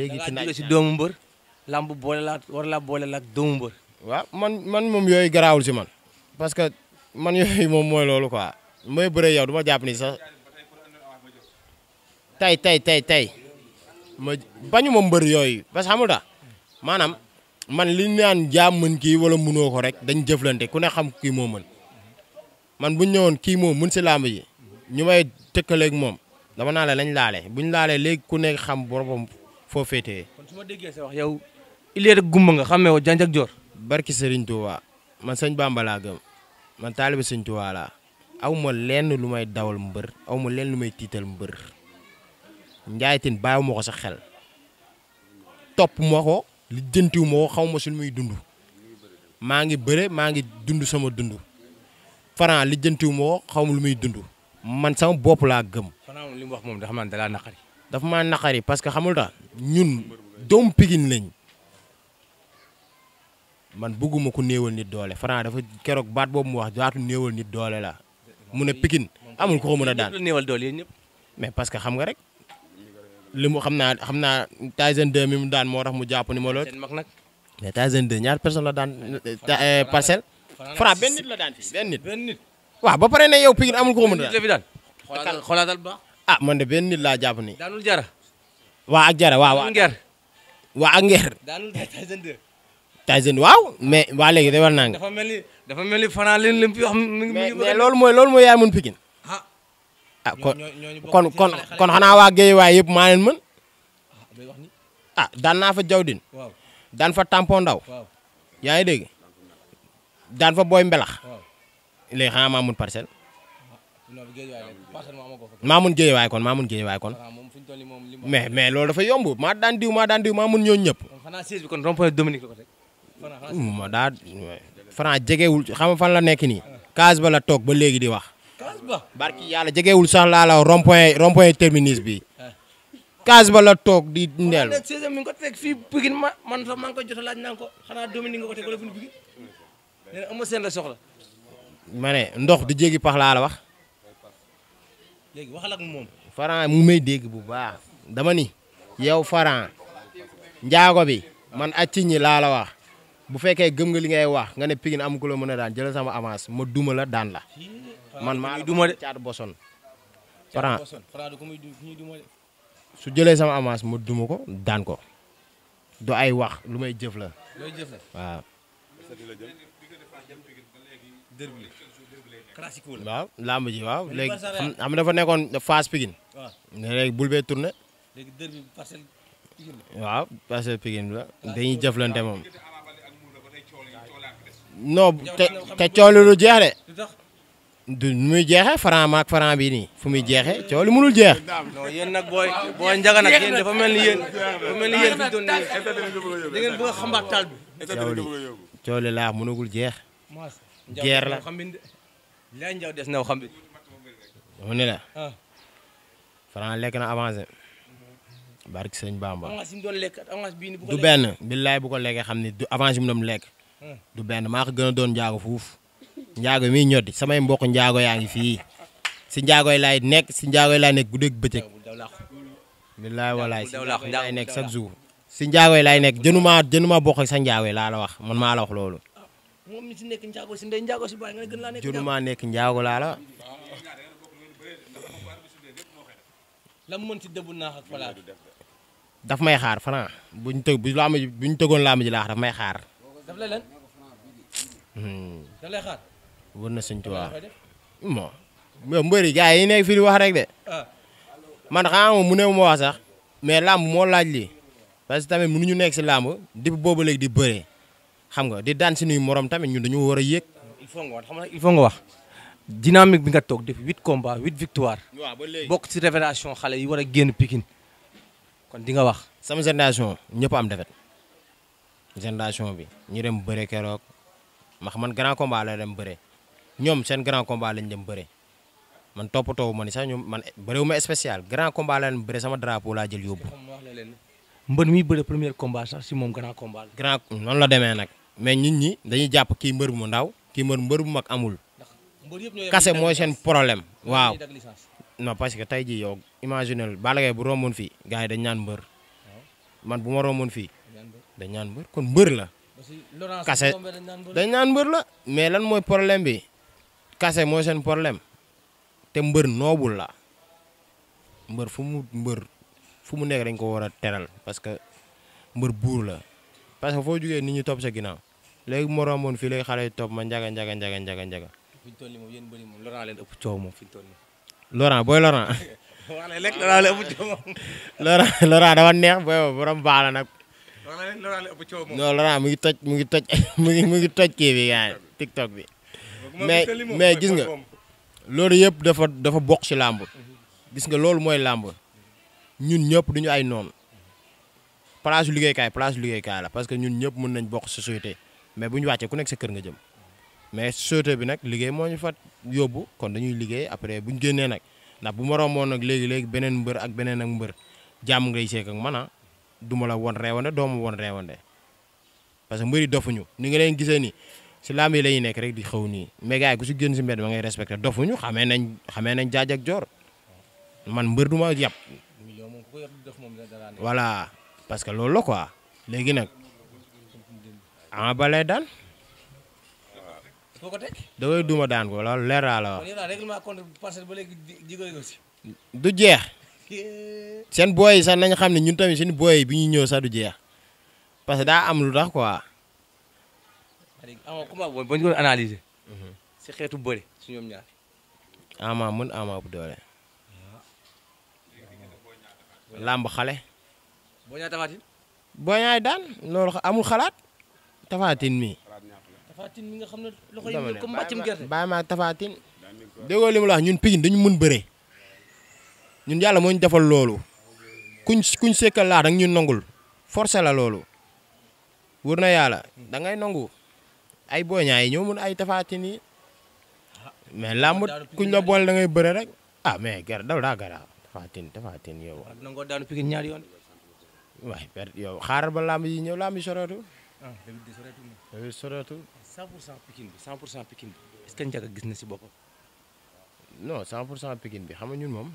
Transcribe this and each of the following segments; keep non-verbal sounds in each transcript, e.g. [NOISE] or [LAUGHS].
léegi ci naaj si doomu mbër. lamb boole laa war laa boole laa doomu mbër. waaw man man moom yooyu garaawul si man. parce que man yooyu moom mooy loolu quoi mooy bëre yow du ma jàpp ni sax tey tey tey tey ma bañu ma mbër yooyu parce que xam maanaam man li ñu naan jaam kii wala mënoo ko rek dañ jëflante ku ne xam kii moo mën man bu ñu kii moo mën si làmb yi ñu moom dama naa la bu ñu laalee léegi ku nekk foo féetee. kon su ma déggee sa wax yow. ilee rek nga xamee woo janj ak joor. barki Serigne Touba man sëñ Bamba laa gëm man taalibe sëñ Touba laa aw ma lenn lu may dawal mbër aw ma lenn lu may tiital mbër Ndiaye Tine bàyyiwu ma ko sa xel topp ma ko li jëntiwu ma xaw ma suñu muy dund maa ngi bëre maa ngi dund sama dund Franc lijjanti wu ma xaw ma lu muy dundu man sama bopp laa gëm. Franc li mu wax moom dafa maa naqari. dafa maa ñun doom Pikine lañ man bëgguma ko néewal nit doole Franc dafa keroog baat boobu mu wax baatu néewal nit doole la mu ne Pikine amul ko mën a daan néewal doole yéen ñëpp mais parce que xam nga rek li mu xam naa xam naa Tyson 2 mi daan moo tax mu jàpp ni ma lool mais Tyson 2 ñaar personne la daan eh, eh, parcelle Franc benn nit la ba pare ne yow Pikine amul ko mën daan xoolaatal ah, man de benn nit laa jàpp ni daanul jara waa ak jara waaw. waa ak ngeer. daanul Tyson waaw mais waa léegi day war naa. dafa mel ni dafa mel ni Franc leen lim fi wax mi ngi mais loolu mooy loolu mooy yaa mën Pikine. ah kon kon kon kon xanaa waa Guèye waaye yëpp maa leen mën. ah, ah daan naa fa jawdin daan fa tampon ndaw. yaa ngi dégg daan fa booy mbelax. léegi xanaa maa mun parcelle. maamun Guèye waaye kon maamun Guèye waaye kon. mais mais loolu dafa yomb maa daan diw maa daan diw maa mën ñooñu ñëpp. xanaa siège bi kon rond-point ko teg. ma daa Franc jegewul xam fan la nekk nii. case ba la toog ba léegi di wax. case ba barki yàlla la rond-point rond-point terminus bi case ba toog di ndel. siège mi maa a laaj ko xanaa Dominique nga ko teg ma ne ndox di jéggi pax laa la wax. Franc mu may dégg bu baax dama ni yow Franc njaago bi man acci ñi laa la wax bu fekkee gëm nga li ngay wax nga ne Pikine am ku la mën a daan jëlal sama avance ma duma la daan la man maa duma de caat boson Franc su jëlee sama avance ma duma ko daan ko du ay wax lu may jëf la classico la waaw làmb ji waaw léegi xam dafa nekkoon phase Pikine. waaw léegi bul bee tourné. léegi dër bi la. waaw parcelle Pikine la te te coolu lu jeex de. du muy jeexee Franc maak Franc bi nii fu muy jeexee coolu mënul jeex. non yéen mel ni yéen jeer la. Laye Ndiaw des na xam. mu ne ah. lekk na avancé. sëñ Bamba. avance yi mu doon lekk avance bii bu ko du xam ni du avance yi mu doon lekk. Ah. du benn maa ko gën a doon njaago fuuf. njaago miy ñoddi samay mbokk njaago yaa ngi fii si njaagoy laay nekk si njaagoy laay nek guddeeg bëccëg. billaay walaay si njaagoy laay nekk chaque jour. si njaagoy laay nekk jënuma jënuma bokk ak sa njaagoy laa wax man maa la wax loolu. moom mi si nekk njaago si ndey njaago si baay nga gën laa nekk junuma nekk njaago laa la lam mën si dëbbu naax ak falaat daf may xaar Franc buñ tëg bu laa ma buñ tëgoon laa ma ji laax daf may xaar daf lay lan hmm. daf lay xaar war na sëñ Tuubaa mo mbëri gars yi nekk fii di wax rek de ah. man xam mu ne ma wax sax mais làmb moo laaj lii parce que tamit mënuñu nekk si làmb depuis boobu léegi di bëree xam nga di daan suñuy morom tamit ñun dañu war a yéeg il faut nga wax xam nga il faut bi nga toog def huit combats huit victoire bokk ci révélation xale yi war a génn Pikine kon di nga wax sama génération ñëpp am defet génération bi ñu dem bëre keroog max man grand combat la dem bëre ñoom seen grand combat lañ dem bëre man toppatoo ma ni sax ñu man bëreewu ma spécial grand combat la dem bëre sama drapeau laa jël yóbbu mbër mi bëre premier combat sax si moom grand combat grand noonu la demee nag mais nit ñi dañuy jàpp kii mbër mu ndaw kii mbër mbër mu mag amul. kase mooy seen problème waaw. non parce que tey jii yow imaginel Balla Gaye bu romboon fii gars yi dañ ñaan mbër man bu ma romboon fii dañ ñaan mbër kon mbër la. kase da ñaan mbër la mais lan mooy problème bi kase mooy seen problème te mbër noobul la mbër fu mu mbër fu mu nekk dañ ko war a teral parce que mbër buur la parce que foo jugee nit ñi topp sa ginnaaw. léegi mu romboon fii léegi xale yi topp ma njaga njaga njaga njaga njaga. fi ñu toll nii moom yéen bëri moom Laurent leen ëpp coow na [LAUGHS] léegi Laurent leen ëpp coow moom. [LAUGHS] Laurent Laurent booy boobu borom ngi toj mu ngi toj [LAUGHS] mu ngi mu ngi toj kii bi TikTok bi. mais mais gis nga loolu yëpp dafa dafa bokk ci làmb. gis nga loolu mooy làmb ñëpp duñu ay noonu. place liggéeykaay place liggéeykaay parce que ñun ñëpp mën nañ bokk société mais bu ñu wàccee ku nekk sa kër nga jëm mais société bi nag liggéey moo ñu fa yóbbu kon dañuy liggéey après bu ñu génnee nag ndax bu ma romboon nag léegi léegi beneen mbër ak beneen ak mbër jàmm ngay seek ak man ah du ma la woon reewande doo ma woon reewande parce que mbëri dofuñu ni nga leen gisee nii si laam yi la ñuy nekk rek di xaw nii mais gars yi ku si génn si ngay respecté dofuñu xamee nañ xamee nañ jaaj ak joor man mbër du ma yàpp voilà parce que loolu la quoi léegi nag Ama Baldé daan. waaw. da koy duma daan ko loolu leer naa la wax. du jeex. [LAUGHS] seen booy yi sax nañ xam ne ñun tamit seen booy ñuy ñëw sax du jeex parce que daa am lu tax quoi. ama comment mhm. si xeetu bëri si ñoom ñaar. ama mën ama bu doole. Ah. làmb xale. boo ñaatafaat it. boo tafaatin mi. tafaatin mi nga xam ne loxo yi mel comme mbàccum gerte. bàyyi ma tafaatin déggoo li mu la wax ñun Pikine dañu mën bëre ñun yàlla moo ñu defal loolu kuñ kuñ sekkal ñun nangul forcé la loolu wër na yàlla da ngay nangu ay boñaay yi ñoo mun ay tafaatin yi mais làmb kuñ la boole da ngay bëre rek ah mais gerte daw daa garaaw tafaatin tafaatin yow. ak nangoo daanu Pikine ah 2010 soreetul na. 2010 soreetul. 100 pour cent Pikine bi 100 pour cent Pikine bi est-ce que Ndiaga gis na si boppam. non 100 pour cent Pikine bi xam nga ñun moom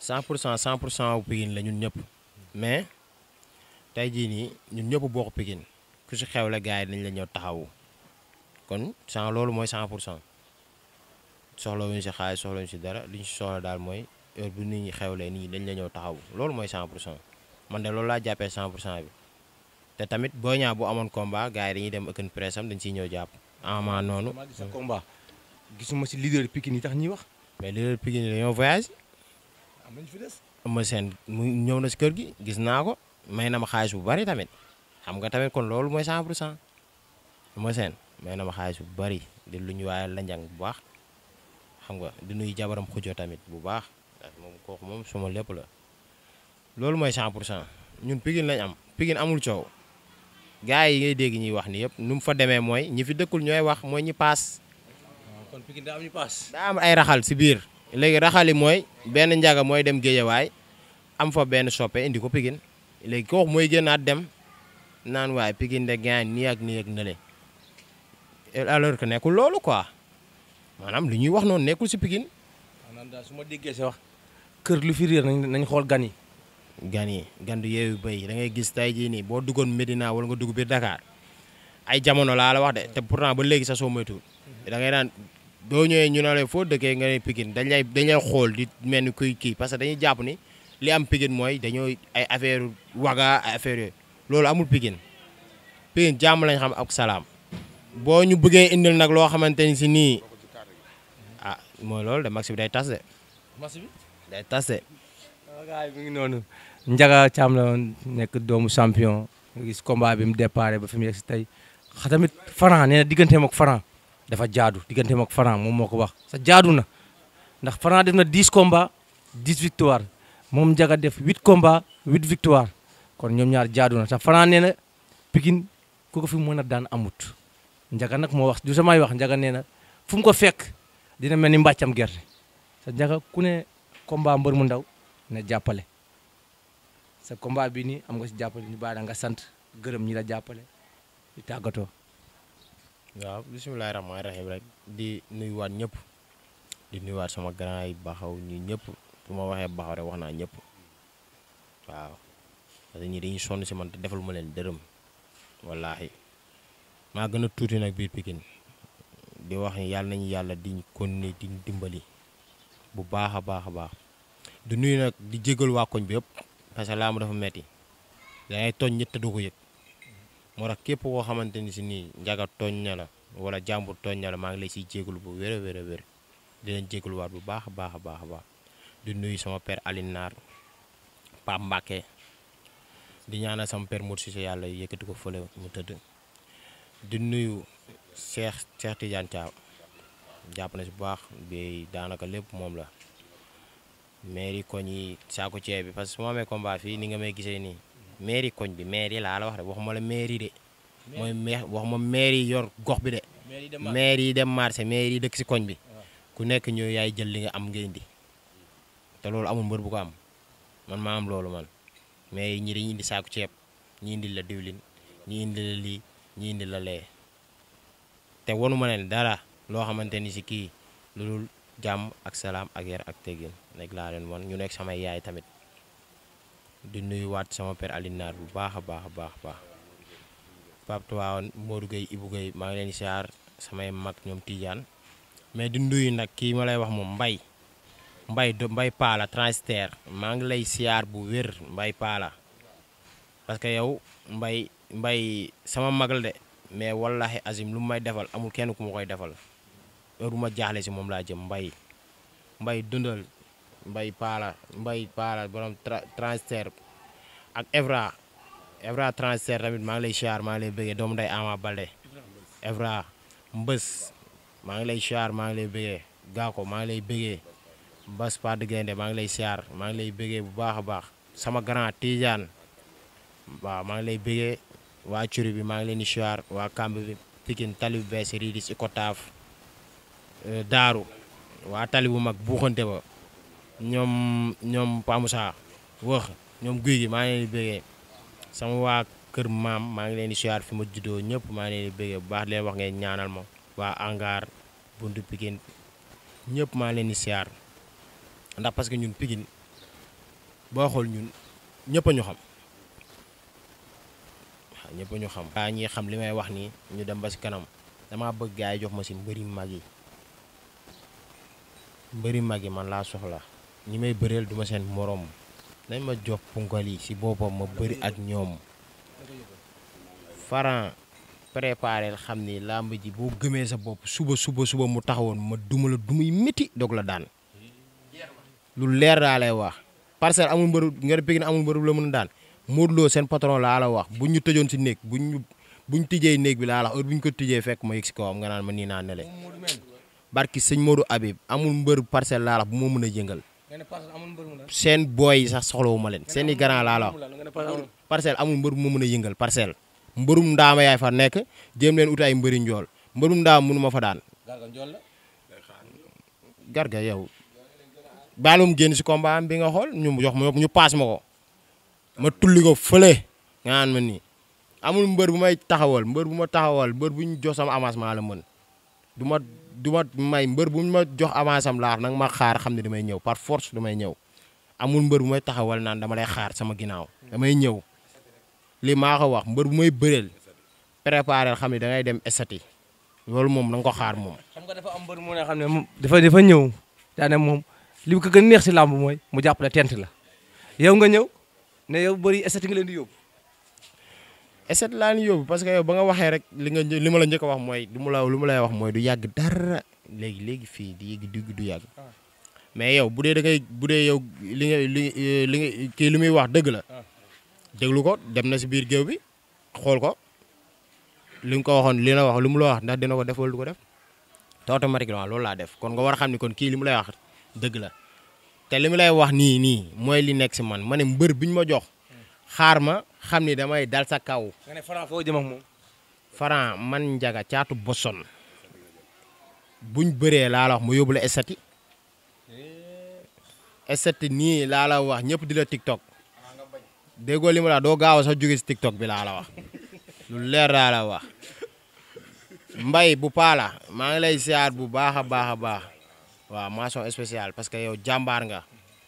100 pour cent 100 pour cent Pikine la ñun ñëpp mais tey jii nii ñun ñëpp bokk Pikine ku si xew la gars yi dañ la ñëw taxawu kon sans loolu mooy 100 pour cent soxlawuñu si xaalis soxlawuñu si dara li ñu si soxla daal mooy heure bu nit ñi xewlee nit ñi dañ la ñëw taxawu loolu mooy 100 pour cent man de loolu laa jàppee 100 pour cent bi. te tamit boo Niang bu amoon combat gars yi dañuy dem open press am dañ ciy ñëw jàpp ama noonu. combat gisuma si leader Pikine yi tax ñuy wax. mais leader Pikine yi dañoo voyage. am nañ seen mu ñëw na si kër gi gis naa ko may na ma xaalis bu bari tamit xam nga tamit kon loolu mooy 100 pour cent ma seen na ma bu bari di lu ñu waayal la njàng bu baax xam nga di nuy jabaram xujo tamit bu baax ndax kooku moom suma lépp la loolu mooy 100 cent ñun Pikine lañ am Pikine amul coow. gars yi ngay dégg ñuy wax ni yëpp nu mu fa demee mooy ñi fi dëkkul ñooy wax mooy ñi paas. Ah, kon Pikine daa am ñu paas. daa am ay raxal si biir léegi raxal yi mooy benn njaga mooy dem géejawaay am fa benn soppe indi ko Pikine léegi kooku mooy génnaat dem naan waaye Pikine de gars nii ak nii ak nële alors que nekkul loolu quoi maanaam lu ñuy wax noonu nekkul si Pikine. maanaam daal su ma déggee sa wax kër lu fi réer nañ xool gan gan yi gan du yeewu béy da ngay gis tey jii nii boo duggoon Medina wala nga dugg biir Dakar ay jamono laa la wax de te pourtant ba léegi sa soo moytuwul da ngay naan doo ñëwee ñu ne la foo dëkkee nga ne Pikine dañ dañ lay xool di mel ni kuy kii parce que dañuy jàpp ni li am Pikine mooy dañoo ay affaire waga affaire yooyu loolu amul Pikine Pikine jàmm lañ xam ak salaam boo ñu bëggee indil nag loo xamante ni si nii ah mooy loolu de max bi day tas Ndiaga Thiam la woon nekk doomu champion nga gis combat bi mu déparé ba fi mu yegg si tey xa tamit Franc nee na digganteem dafa jaadu diggante ak fara moom moo ko wax sa jaadu na ndax fara def na 10 combats 10 victoire moom Ndiaga def 8 combats 8 victoire kon ñoom ñaar jaadu na te Franc nee na Pikine ku ko fi mën a daan amut Ndiaga nag moo wax du samay wax Ndiaga nee na fu mu ko fekk dina mel ni mbàccam gerte sa Ndiaga ku ne combat mu ndaw na jàppale sa combat bi nii am nga si jàppale ñu baax nga sant gërëm ñi la jàppale di tàggatoo. waaw bisimilah rahmaani rahiim rek di nuyuwaat ñëpp di nuyuwaat sama grand yi baxaw ñi ñëpp su ma waxee baxaw rek wax naa ñëpp waaw parce que ñi dañuy sonn si man te defal ma leen dërëm wallaahi maa gën a tuuti nag biir Pikine di wax ni yàlla nañu yàlla di continuer di dimbali bu baax a baax a baax di nuyu nag di jégal waa koñ bi yëpp. parce que laamu dafa metti da ngay tooñ ñett doo ko yëg moo tax képp koo xamante ni si nii njaga tooñ na la wala jàmbur tooñ na la maa ngi lay siy jégalu bu wér a wér a wér di leen bu baax a baax a baax a baax di nuyu sama père Alioune Naar Pape Mbacke di ñaana sama père Modou yàlla yëkkati ko fële mu tëdd di nuyu Cheikh Cheikh Tidiane Thiaw jàpp si bu baax bi daanaka lépp moom la. mairie koñ yi saako ceeb bi parce que su ma amee ni nga may gisee nii mairie koñ bi mairie laa la wax ma waxuma la mairie de. mooy meex waxuma mairie yor gox bi de. mairie yi dem marché mairie yi dëkk si koñ bi. Ah. ku nekk ñëw yaay jël li nga am nga indi te loolu amul mbër bu ko am man maa am loolu man mais ñi dañuy indi saako ceeb ñi indi la diwlin ñi indi la lii ñi indi la lee te wanu ma ne dara loo xamante ni si kii jàmm ak salaam ak yar ak teggin nekk laa leen wan ñu nekk samay yaay tamit di nuyuwaat sama père alinaar bu baax a baax a baax baax Pape Tuwaawoon Modou Gueye Ibou maa ngi leen di siyaar samay mag ñoom Tidiane mais di nuyu nag kii ma lay wax moom mbay mbay do mbay paala transitaire maa ngi lay siyaar bu wér mbay paala parce que yow mbay mbay sama mag la de mais wallahi azim lu may defal amul kenn ku ma koy defal heure bu jaaxle si moom laa jëm mbay mbay dundal mbay paala mbay paala borom ak Evra Evra transfert tamit maa ngi lay siyaar maa ngi lay bëggee doomu nday Ama Evra mbës maa ngi lay siyaar maa ngi lay bëggee gaako maa ngi lay bëggee Bas Pade Gaynde maa ngi lay siyaar maa ngi lay bëggee bu baax a baax sama grand Tidiane waaw maa ngi lay bëggee waa curi bi maa ngi leen di waa kamb bi Pikine tali bu bees riidis ikotaaf Euh, daaru waa tali bu mag buuxante ba ñoom ñoom wax ñoom guy gi maa ngi leen di bëggee sama waa kër maam maa ngi leen di siyaar fi ma juddoo ñëpp maa ngi leen di bu baax leen wax ngeen ñaanal ma waa angaar buntu Pikine ñëpp maa leen di siyaar ndax parce que ñun Pikine boo xool ñun ñëpp a ñu xam waaw ñëpp ñu xam. waa ñi xam li may wax nii ñu dem ba si kanam damaa bëgg gars jox ma si mbëri mag yi. mbëri mag yi man laa soxla ñi may bëreel duma seen moroom nañ ma jox punkal yi si boppam ma bëri ak ñoom faran préparel xam ni làmb ji boo gëmee sa bopp suba suba suba mu taxawoon ma duma la dumuy métti dog la daan lu leer daa lay wax parcelle amul mbëru nga Pikine amul mbëru la mun daan Modou Lo seen patron laa la wax bu ñu tëjoon si néeg bu ñu bu ñu tijjee néeg bi laa la wax heure bu ñu ko tijjee fekk ma yëg ci kawam nga naan ma nii naa nele barki sëñ Modou Habib amul mbër parcelle laa la bu moo mën a jëngal seen booy yi sax soxlawu ma leen seen i grand laa la parcelle amul mbër bu moo mën a yëngal parcelle mbërum ndaama yaay fa nekk jéem leen ut ay mbëri njool mbërum ndaam mënu ma fa daan garga yow baalum génn si combat bi nga xool ñu jox ma yop ñu paas ma ko ma tulli ko fële nga naan ma nii amul mbër bu may taxawal mbër bu ma taxawal mbër bu ñu jox sama avancement la mën du ma du ma may mbër bu ma jox avance am laar nag ma xaar xam ne damay ñëw par force damay ñëw amul mbër bu may taxawal naan dama lay xaar sama ginnaaw damay ñëw li maa ko wax mbër bu may bëreel préparer xam ne da ngay dem estati loolu moom na nga ko xaar moom. xam nga dafa am mbër mu ne xam ne moom dafa dafa ñëw daanaka moom li ko gën neex si làmb mooy mu jàppale tent la yow nga ñëw ne yow bëri estati nga leen di yóbbu. eset laa ni yóbbu parce que yow ba nga waxee rek li nga li ma la wax mooy du mu la lu mu wax mooy du yàgg dara léegi léegi fii di yéegi digg du yàgg ah. mais yow bu dee da ngay bu dee yow li nga li li nga kii li wax dëgg la ah. déglu ko dem na si biir géew bi xool ko li ko waxoon li na wax lu mu la wax ndax dina ko def wala ko def te automatiquement loolu laa def kon nga war a xam ni kon kii li mu lay wax dëgg la te li mu lay wax nii nii mooy li nekk si man ma ne mbër bi ñu ma jox xaar ma xam ni damay dal sa kaw. nga ne man njaga caatu boson buñ bëree laa la wax mu yóbbu la nii laa la wax ñëpp di la TikTok déggoo li ma la doo gaaw a sax si TikTok bi laa la wax lu leer laa la wax mbay bu paala maa ngi lay siyaar bu baax a baax a baax waaw mention spéciale parce que yow jàmbaar nga.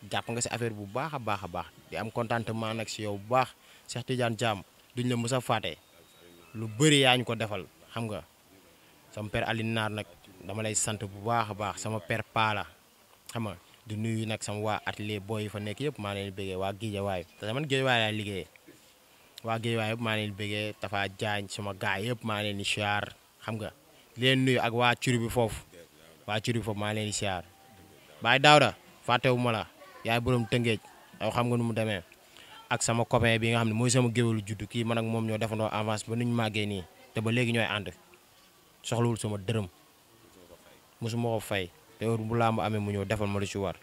jàpp nga si affaire bu baax a baax a baax di am contentement nag si yow bu baax Cheikh Tidiane Thiam duñ la mës a fàtte lu bëri yaa ñu ko defal xam nga sama père Alioune Naar nag dama lay sant bu baax a baax sama père Paala xam nga di nuyu nag sama waa atelier booy yi fa nekk yëpp maa leen bëggee waa Guédiawaye te man Guédiawaye laay liggéeyee waa Guédiawaye yëpp maa leen bëggee Tafa Diagne sama gaay yëpp maa leen di siyaar xam nga leen nuy ak waa curi bi foofu waa curi bi foofu maa leen di siyaar Baye Daouda fàttewuma la yaay borom tëngeej yow xam nga nu mu demee ak sama copain bi nga xam ne mooy sama géwélu juddu kii man moom ñoo defandoo avance ba nu ñu màggee nii te ba léegi ñooy ànd soxlawul sama dërëm mosuma ko fay te heure bu laa mu amee mu ñëw defal ma lu ci war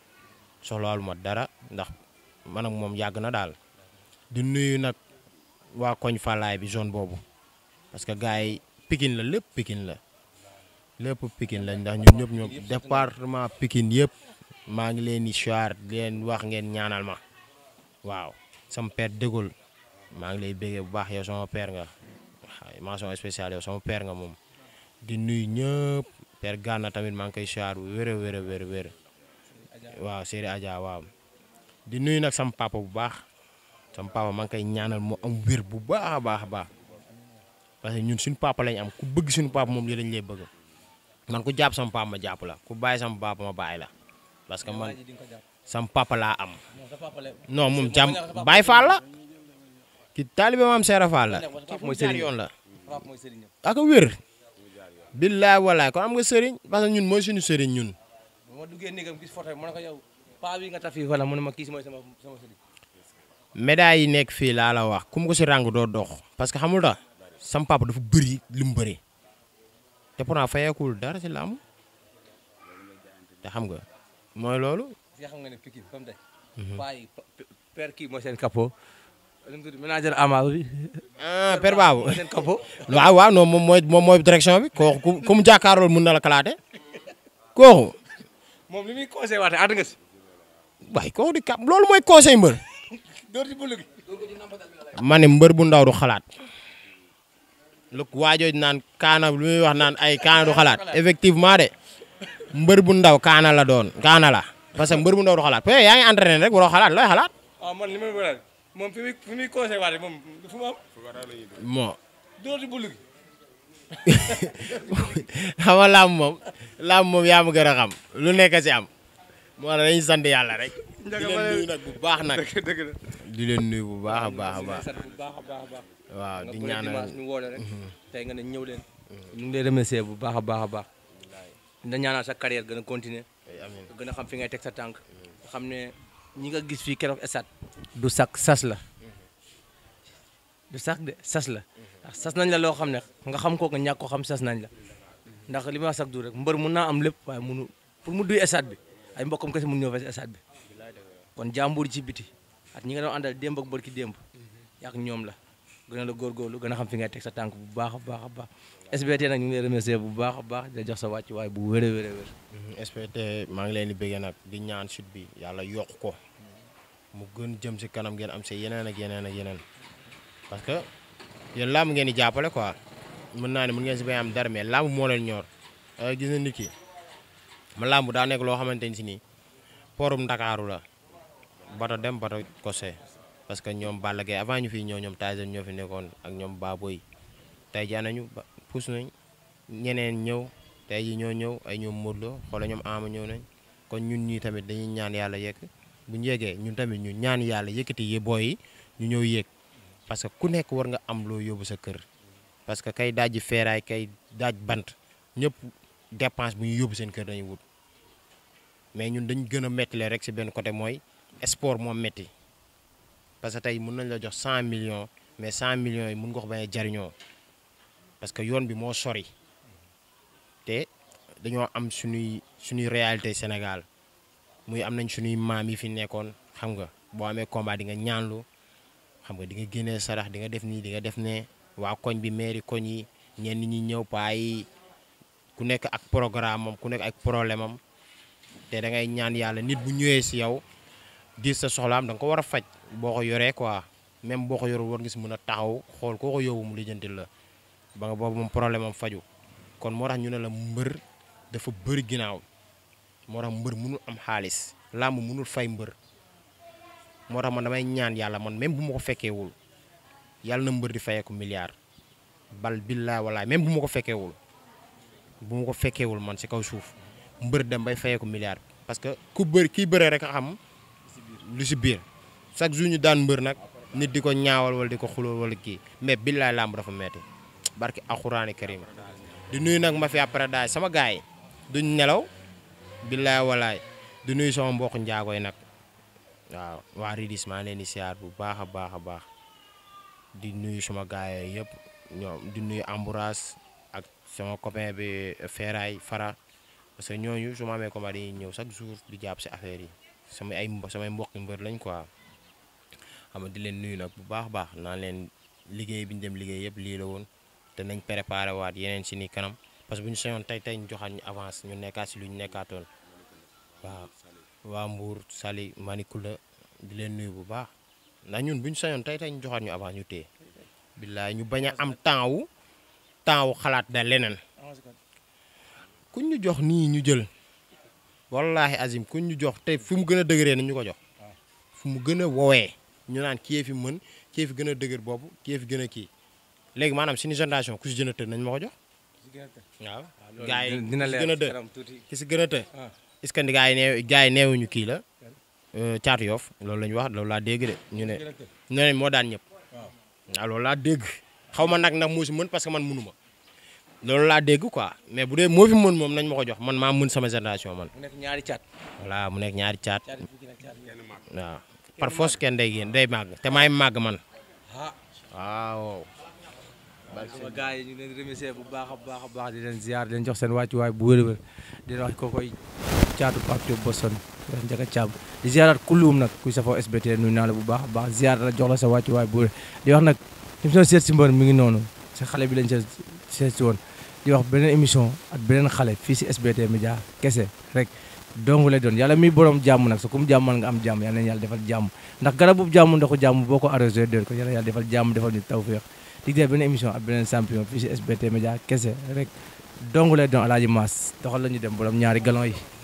soxlawul ma dara ndax man moom yàgg na daal di nuyu nag waa koñ Falaay bi zone boobu parce que gars yi Pikine la lépp pikin la lépp Pikine la ndax ñun ñëpp ñoo département Pikine yëpp maa ngi leen di soir di leen wax ngeen ñaanal ma waaw sama père dëggul maa ngi lay béggee bu baax yow sama père nga waaw mention nga moom di nuyu ñëpp père Gana tamit maa ngi koy soir bu wér a wér waaw Serigne Adja waaw di nuyu nag sama papa bu baax sama papa maa ngi koy ñaanal mu am wér bu baax a baax a baax parce que ñun suñu papa lañ am ku bëgg suñu papa moom li lañ lee bëgg man ku jàpp sama papa ma jàpp la ku bàyyi sama papa ma bàyyi la parce que man sam papa laa am non moom jàmm Baay Faal la ki taalibe maam Seera Faal la mooy sëriñ kon am nga sëriñ parce que ñun mooy suñu sëriñ ñun ma duggee néegam fii wala mu ne ma kii mooy sama sama sëriñ médailles yi nekk fii laa la ku mu doo dox parce que xamul tax sam dafa bëri li mu bëri te pourtant dara si mooy loolu. nga xam nga ne Pikine comme tey. waaye mhm. père kii mooy seen capot. li mu bi. ah père [LAUGHS] na la kalaate kooku. moom li muy conseil waate ànd nga si. waaye kooku [LAUGHS] mbër. bu ndaw du xalaat. lu waajooj naan kaana lu muy wax naan kaana du xalaat [LAUGHS] de. mbër bu ndaw kaana la doon kaana la parce que mbër bu ndaw du xalaat mais yaa ngi entraîné rek waroo xalaat looy xalaat. waaw ah, man li moom am. bon. dootu yaa ma a xam lu nekk am. moo tax dañuy sant yàlla rek. di leen nuyu nag bu baax nag di leen nuyu bu baax a baax a baax. waaw di ñaanal. Mhm. tey nga ne ñëw leen. ñu ngi lay remercier bu baax a baax a baax. na ñaanal sa carrière gën a continuer gën a xam fi ngay teg sa tànk xam ne ñi nga gis fii keroog stade du sax sas la mhm. du sax de sas la mhm. sas nañ la loo xam ne nga xam ko nga ñàkk ko xam sas nañ la ndax li ma sax du rek mbër mun naa am lépp waaye munu pour mu duy stade bi ay mbokkam kese mun ñëw fa si bi kon jàmbur ci biti at ñi nga doon àndal demb ak bërki démb mhm. yàq ñoom la gën a la góorgóorlu gën a xam fi ngay teg sa tànk bu baax baax a baax SBT nag ñu ngi lay remercier bu baax a baax di jox sa wàccuwaay bu wér a wér a wér mm-hmm. maa ngi leen di bëggee nag di ñaan sut bi yàlla yokk ko mu gën jëm si kanam ngeen am si yeneen ak yeneen ak yeneen parce que yéen làmb ngeen di jàppale quoi mën naa ne mën ngeen si bay am dara mais làmb moo leen ñor euh, gis na nit ma làmb daa nekk loo xamante ni si nii porum Ndakaaru la bata dem bata kose parce que ñoom Balla Gaye avant ñu fi ñëw ñoom Tyson ñoo fi nekkoon ak ñoom Baboy tey jii nañu ba pousse nañ ñeneen ñëw tey jii ñoo ñëw ay ñoom Modou Lo xoola ñoom Ama ñëw nañ kon ñun ñii tamit dañuy ñaan yàlla yegg bu ñu yeggee ñun tamit ñu ñaan yàlla yëkkati yi booy ñu ñëw yéeg parce que ku nekk war nga am loo yóbbu sa kër parce que kay dajji feeraay kay daaj bant ñëpp dépense bu ñu yóbbu seen kër dañuy wut mais ñun dañ gën a metti rek si benn côté mooy sport moom metti parce que tey mun nañ la jox cent million mais cent million yi mun nga ko bañ jariñoo parce que yoon bi moo sori te dañoo am suñuy suñuy réalité Sénégal muy am nañ suñuy maam yi fi nekkoon xam nga boo amee combat di nga ñaanlu xam nga di nga génnee sarax di nga def nii di nga def ne waa koñ bi mairie koñ yi ñenn ñi ñëw paa ku nekk ak programme am ku nekk ak problème am te dangay ñaan yàlla nit bu ñëwee si yow diis sa soxlaam da nga ko war a faj boo ko yoree quoi même boo ko yorul war nga si mën a taxaw xool koo ko yóbbu mu lijjantil la ba nga boobu moom problème am faju kon moo tax ñu ne la mbër dafa bëri ginnaaw moo tax mbër mënul am xaalis làmb mënul fay mbër moo tax man damay ñaan yàlla man même bu ma ko fekkeewul yàlla na mbër di fayeeku milliard bal billaay walaay même bu ma ko fekkeewul bu ma ko fekkeewul man si kaw suuf mbër dem bay fayeeku milliard parce ku bëri kii bëree rek a xam lu si biir chaque jour ñu daan mbër nag nit di ko ñaawal wala di ko xuloo wala kii mais billaay làmb dafa metti barki alxuraani karim di nuyu nag ma fi après daay sama gars du nelaw billaay walaay di nuyu sama mbokk njaagoy nag waaw waa Ridis maa leen di siyaar bu baax a baax a baax di nuyu suma gars yi yëpp ñoom di nuyu ambourage ak sama copain bi Feeraay Fara parce que ñooñu su ma amee combat dañuy ñëw chaque jour di jàpp si affaire yi. sama ay samay mbokki mbër lañ quoi xam nga di leen nuyu nag bu baax a baax naa leen liggéey bi ñu dem liggéey yëpp lii la woon te nañ préparé waat yeneen si ni kanam parce que bu ñu sañoon tey tey ñu joxaat ñu avance ñu nekkaat si lu ñu nekkaatoon waaw waa Mbour Saly Manikula di leen nuyu bu baax ndax ñun bu ñu tey tey ñu ñu avance ñu téye billaay ñu bañ a am temps wu temps wu xalaat da leneen ku ñu jox nii ñu jël. wallaahi azim kuñ ñu jox tey fu mu gën a dëgëree nañ ñu ko jox fu mu gën a woowee ñu naan kii fi mën kii fi gën a dëgër bopp kii fi gën a kii léegi maanaam suñu génération ku si gën nañ moo ko jox waaw ah, gaa yi dina gën a dë ki si ah. yi nee gaa neewuñu kii la euh, caatu yoof loolu la ñu wax loolu laa dégg de ñu ne ñu ne moo daan ñëpp waaw ah. loolu laa dégg xaw ma nag nag moo si mën parce que man mënu ma loolu laa dégg quoi mais bu dee moo fi moom nañ ma ko jox man maa mën sama génération man. mu nekk ñaari caat. voilà mu nekk ñaari caat. waaw par force kenn day génn day màgg te maay màgg man. Ah. waaw. sama yi ñu bu baax a baax a baax di leen ziar di leen jox seen wàccuwaay bu wér wér di leen wax kookoy caatu Pape a caab di ziaraat kulluum nag kuy safoo SBT nuyu naa la bu baax a baax ziar la jox la sa wàccuwaay bu wér nag émission si mbër mi ngi noonu sa xale bi lañ sa seet si woon di wax beneen émission ak beneen xale fii si SBT Média kese rek dong lay doon yàlla mi borom jàmm nag su kum jàmmal nga am jàmm yàlla na yàlla defal jàmm ndax garabu jàmm ndoxu jàmm boo ko arrosé dér ko yàlla yàlla defal jàmm defal ñu tawféex di def beneen émission ak beneen champion fii si SBT Média kese rek dong lay doon alaaji Maas doxal la ñu dem borom ñaari galon yi